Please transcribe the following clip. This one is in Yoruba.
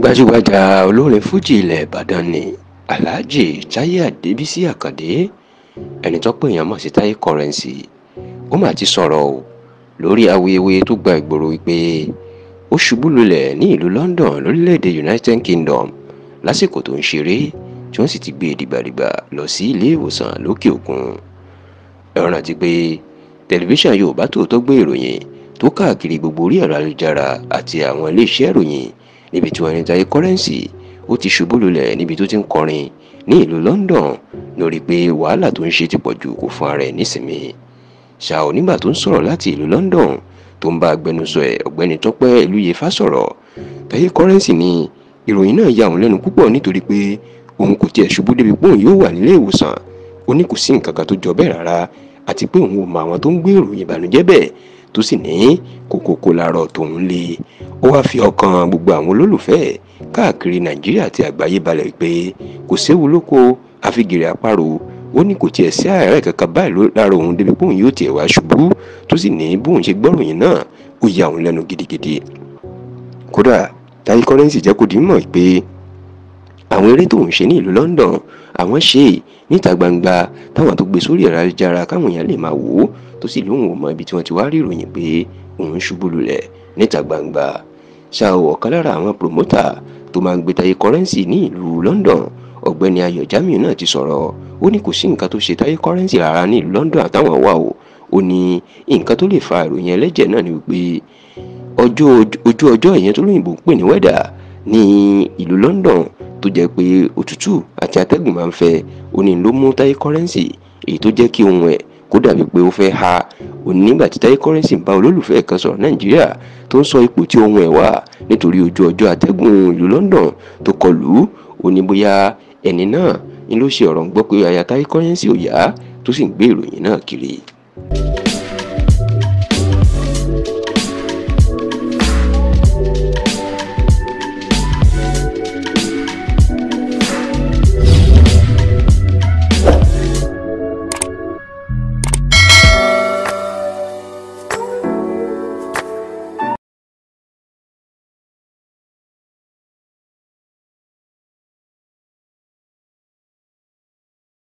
gbajúgbajà olórin fújì ilẹ̀ ìbàdàn ni aláàjì táyé àdébísí àkàndé ẹni tọ́pọ̀ èèyàn mọ̀ sí táyé kọrẹ́ǹsì ó mà ti sọ̀rọ̀ o lórí awuyewuye tó gba ìgboro wípé ó ṣubú lulẹ̀ ní ìlú london lórílẹ̀‐èdè united kingdom lásìkò tó ń ṣeré tí wọ́n sì ti gbé e dìgbàdìgbà lọ sí ilé ìwòsàn lókè òkun ẹ̀rọ rántí pé tẹlifíṣàn yorùbá tòótọ́ gbé ìròyìn tó káàkiri gbogbo orí ẹ̀rọ ayélujára àti àwọn iléeṣẹ́ ìròyìn níbi tí orin Jay Currency ó ti ṣubú lulẹ̀ níbi tó ti ń kọrin ní ìlú London lórí pé wàhálà tó ń ṣe ti pọ̀ ju kò fún ara ẹ̀ nísìmí ṣáò nígbà tó ń sọ̀rọ̀ láti ìlú London tó ń bá agbẹnusọ ẹ̀ ọ̀gbẹ́ni Tọ́pẹ́ Olúyẹfà sọ̀rọ̀ Jay Currency ni ìròyìn náà ya òun lẹ́nu púpọ̀ nítorí pé òun kò tiẹ̀ ṣubú débi pé òun yóò wà nílé ìwòsàn ó nǹkan kan tó jọ bẹ́ẹ̀ rárá àti pé òun ò mọ àwọn tó ń gbé ìròyìn ìbànújẹ́ bẹ́ẹ̀ tó sì ní kòkòkò làárọ̀ tòun le ó wáá fi ọkàn gbogbo àwọn olólùfẹ́ káàkiri nàìjíríà àti àgbáyé balẹ̀ pé kò séwu lóko àfigèrè àparò ó ní kò tiẹ̀ sí àárẹ̀ kankan báyìí lára òun débi bóun yóò tiẹ̀ wá ṣubú tó sì ní bóun ṣe gbọ́ròyìn náà ó ya òun lẹ́nu gidigidi kódà táyé kọ́rẹ́ǹsì jẹ́ kó di mọ̀ pé àwọn eré tóun ṣe ní ìlú London àwọn ṣe níta gbangba táwọn tó gbé sórí ẹ̀rọ ayélujára káwọn èèyàn lè máa wò ó tó sì lóun ò mọ ibi tí wọ́n ti wá rí ìròyìn pé òun ṣubú lulẹ̀ níta gbangba ṣá ọ̀kan lára àwọn promota tó máa ń gbé Táyé Currency ní ìlú London ọ̀gbẹ́ni Ayọ̀ Jamiu náà ti sọ̀rọ̀ ó ní kò sí nǹkan tó ṣe Táyé Currency rárá ní ìlú London àtàwọn wà o ó ní nǹkan tó lè fa ìròyìn ẹlẹ́jẹ̀ náà ni wípé ọjọ́ ojú ọjọ́ ìyẹn tó lóyìnbó ń pè ní wẹ́dà ní ìlú London tó jẹ́ pé òtútù àti atẹ́gùn máa ń fẹ́ ó ní ló mú Táyé Currency èyí tó jẹ́ kí ohun ẹ̀ kó dàbí pé ó fẹ́ ha òní nígbà tí Táyé Currency ń bá olólùfẹ́ kan sọ̀rọ̀ Nàìjíríà tó ń sọ ipò tí ohun ẹ̀ wà nítorí ojú ọjọ́ àtẹ́gùn ìlú London tó kọlù ó ní bóyá ẹni náà ni ló ṣe ọ̀rọ̀ ń gbọ́ pé aya Táyé Currency ò yá tó sì ń gbé ìròyìn náà kiri.